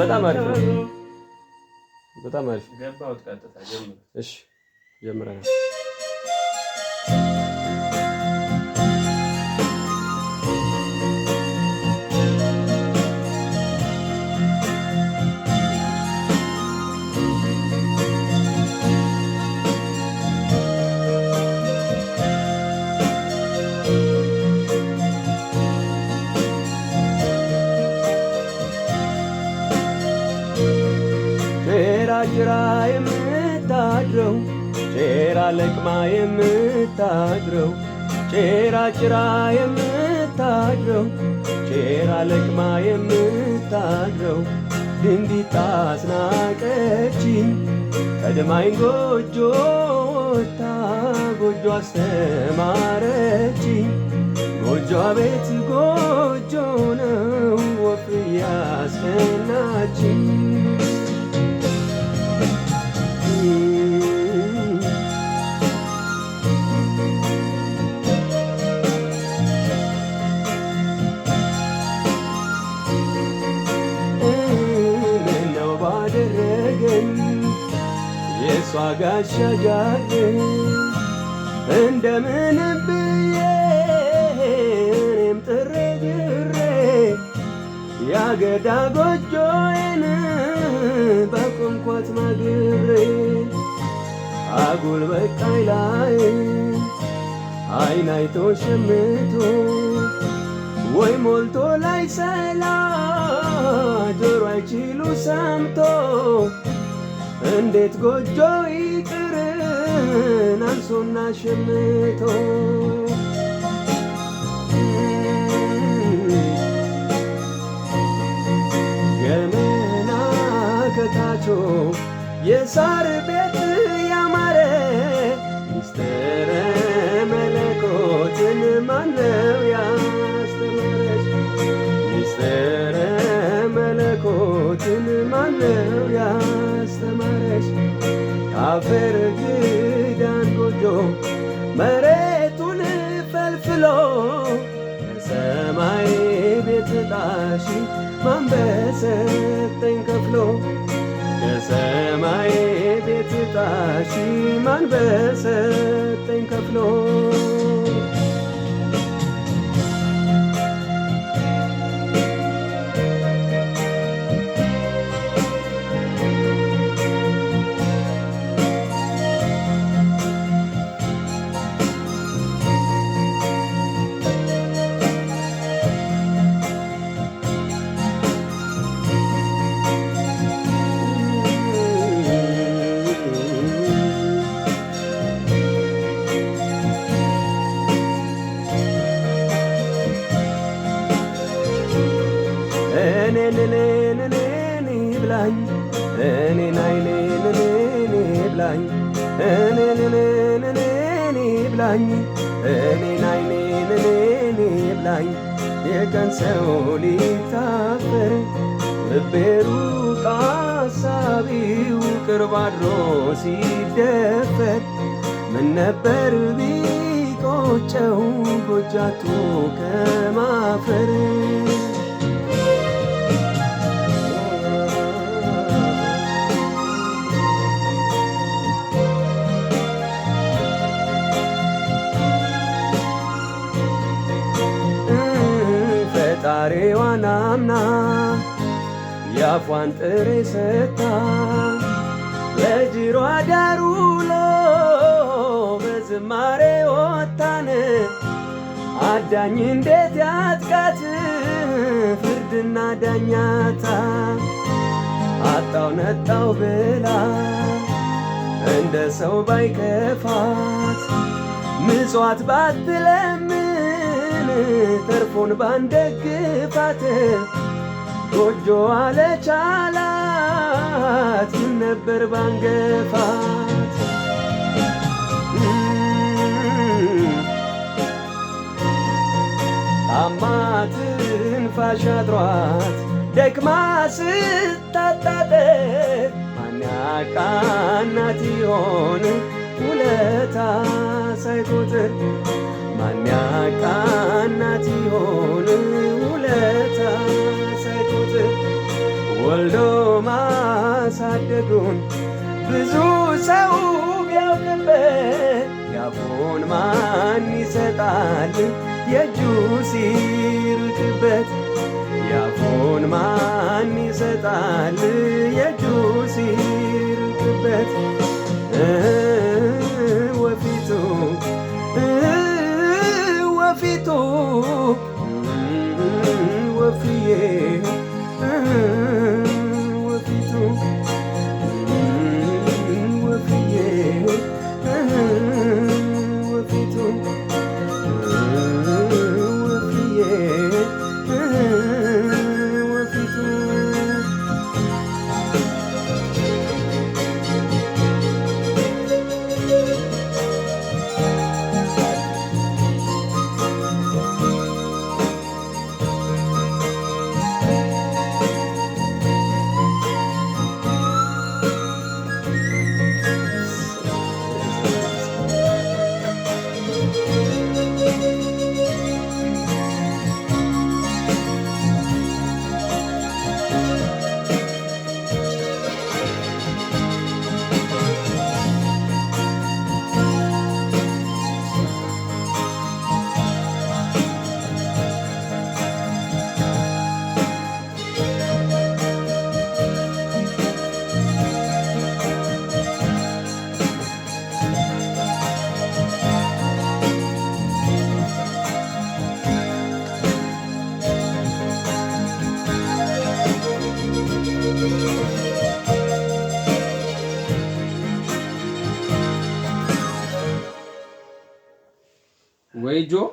በጣም አሪፍ ነው። በጣም አሪፍ። እሺ ጀምረናል። ጅራ የምታድረው ጭራ ለቅማ የምታድረው ጭራ ጭራ የምታድረው ጭራ ለቅማ የምታድረው ድንቢት አስናቀችኝ ቀድማኝ ጎጆ ወታ ጎጆ አስተማረችኝ ጎጆ ቤት ጎጆ ነው ወፍ ያስፈናችኝ ከእሷ ጋር ሻጃግር እንደምን ብዬ እኔም ጥሬ ግሬ ያገዳ ጎጆዬን በቆምኳት ማግሬ አጉል በቃይ ላይ አይን አይቶ ሸምቶ ወይ ሞልቶ ላይ ሰላ ጆሮ አይችሉ ሰምቶ እንዴት ጎጆ ይቅርን አንሶና ሸምቶ ከታቾ የሳር ቤት ያማረ ሚስጥረ መለኮትን ማነው ያስተማረች? ሚስጥረ መለኮትን ማነው ያ ነሽ አፈር ክዳን ጎጆ መሬቱን ፈልፍሎ ሰማይ ቤት ጣሽ ማንበሰተኝ ከፍሎ የሰማይ ቤት ጣሽ ማንበሰተኝ ከፍሎ አይኔን እኔን ይብላኝ እኔን አይኔን እኔን ይብላኝ እኔን የቀን ሰው ሊታፈር ልቤ ሩቅ አሳቢው ቅርብ አድሮ ሲደፈር ምን ነበር ቢቆጨው ጎጃቱ ከማፈር ቃናና አምና የአፏን ጥሬ ሰታ ለጅሮ አዳሩ ውሎ በዝማሬ ወጣን አዳኝ እንዴት ያጥቃት ፍርድና ዳኛታ አጣው ነጣው ብላ እንደ ሰው ባይከፋት ምጽዋት ባትለም ሆነን ተርፎን ባንደግፋት ጎጆ አለቻላት ስል ነበር ባንገፋት አማት ትንፋሽ አጥሯት ደክማ ስታጣጠር ማናቃናት ይሆን ውለታ ሳይቆጥር ማንያቃናት ይሆን ውለታ ሳይቶት ወልዶ ማሳደጉን ብዙ ሰው ቢያውቅበት ያፉን ማን ይሰጣል የእጁ ሲ yo